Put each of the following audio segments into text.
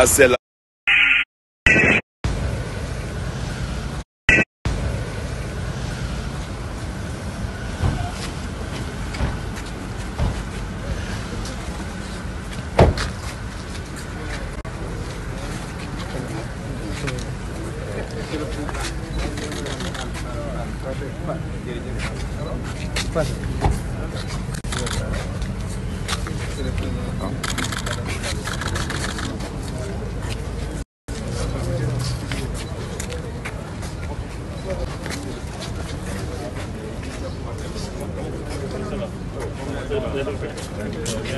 Ça, c'est la... Thank you.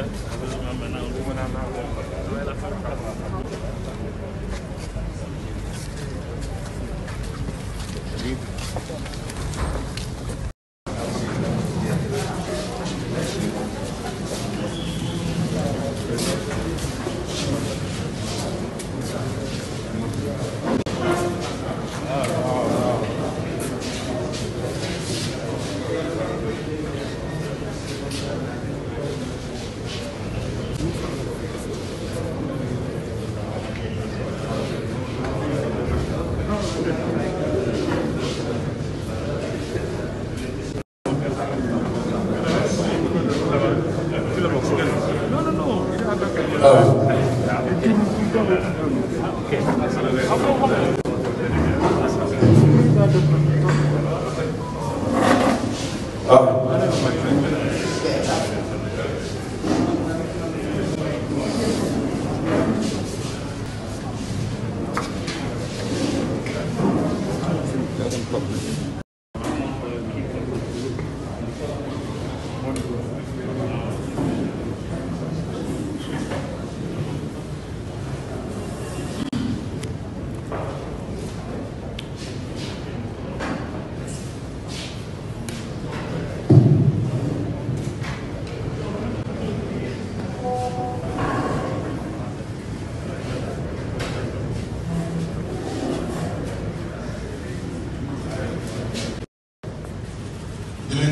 Yeah. waaw. Ah.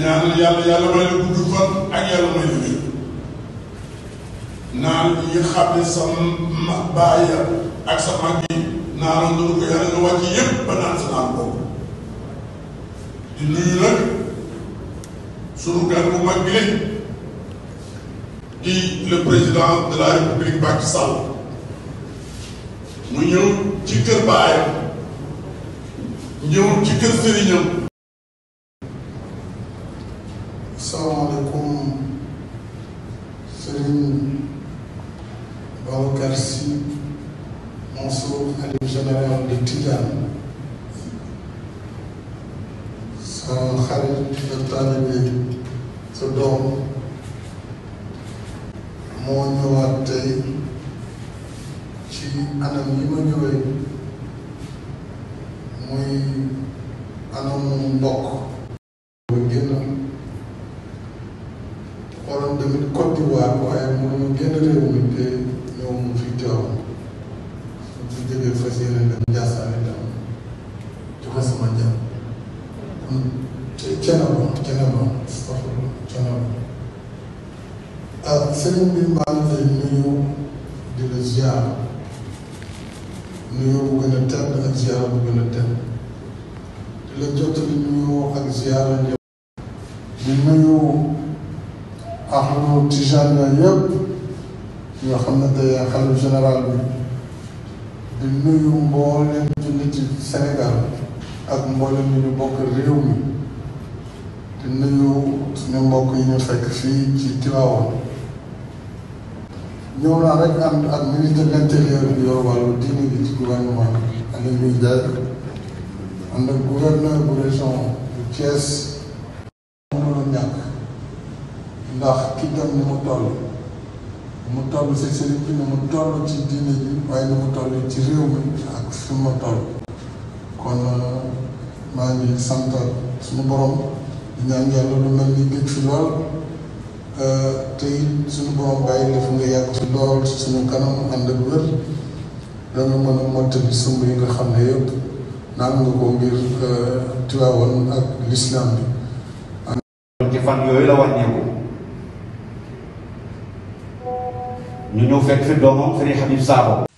ñaanal yàlla yàlla may la gudd fan ak yàlla may la wér naan yi xam ne sa ma bàyyi ak sa mag yi naanoon dana ko yàlla nga wàcc yépp ba naan sa naan boobu di nuyu nag sunu gan bu mag bi di le président de la république Macky Sall mu ñëw ci kër baayam ñëw ci kër sëriñam remercie Mansour, Khalif général de Tidiane sa xarit sa taalibe sa doom moo ñëwaat tey ci anam yi ma ñëwee muy anamu mbokk ba génn xoolal tamit Côte d'Ivoire waaye mënuma génn réew mi te Ndiassane dafa sama njàng Thiénaba Thiénaba Thiénaba ah sëriñ bi maa ngi lay nuyu di la ziar nuyu bu gën a tedd ak ziar bu gën a tedd di la jottali nuyu ak ziar ñëpp di nuyu ahlu tijaan yëpp ñoo xam ne tey xalifa général bi. di nuyu mboolem jullit ci Sénégal ak mboolem yi ñu bokk réew mi di nuyu suñu mbokk yi ñu fekk fii ci Tivaouane ñëw naa rek ànd ak ministre de l'intérieur bi yor wàllu diine bi ci gouvernement am na ñuy jaay ànd ak gouverneur bu région bu Thiès mënoon ñàkk ndax ki dem ni mu toll mu toll si sëriñ bi ni mu toll ci diine ji waaye ni mu toll ci réew mi ak fi ma toll kon uh, maa ngi sant suñu borom di ñaan yàlla lu mel ni géej fi lool uh, te it suñu borom bàyyi def nga yàgg fi lool suñu kanam ànd ak wér dana mën a mottali sumb yi nga xam ne yëpp naan nga ko ngir uh, Tiwaawan ak lislaam bi. ci fan yooyu la wàññeeku. ñu ñëw fekk fi doomam Serigne Habib Sakho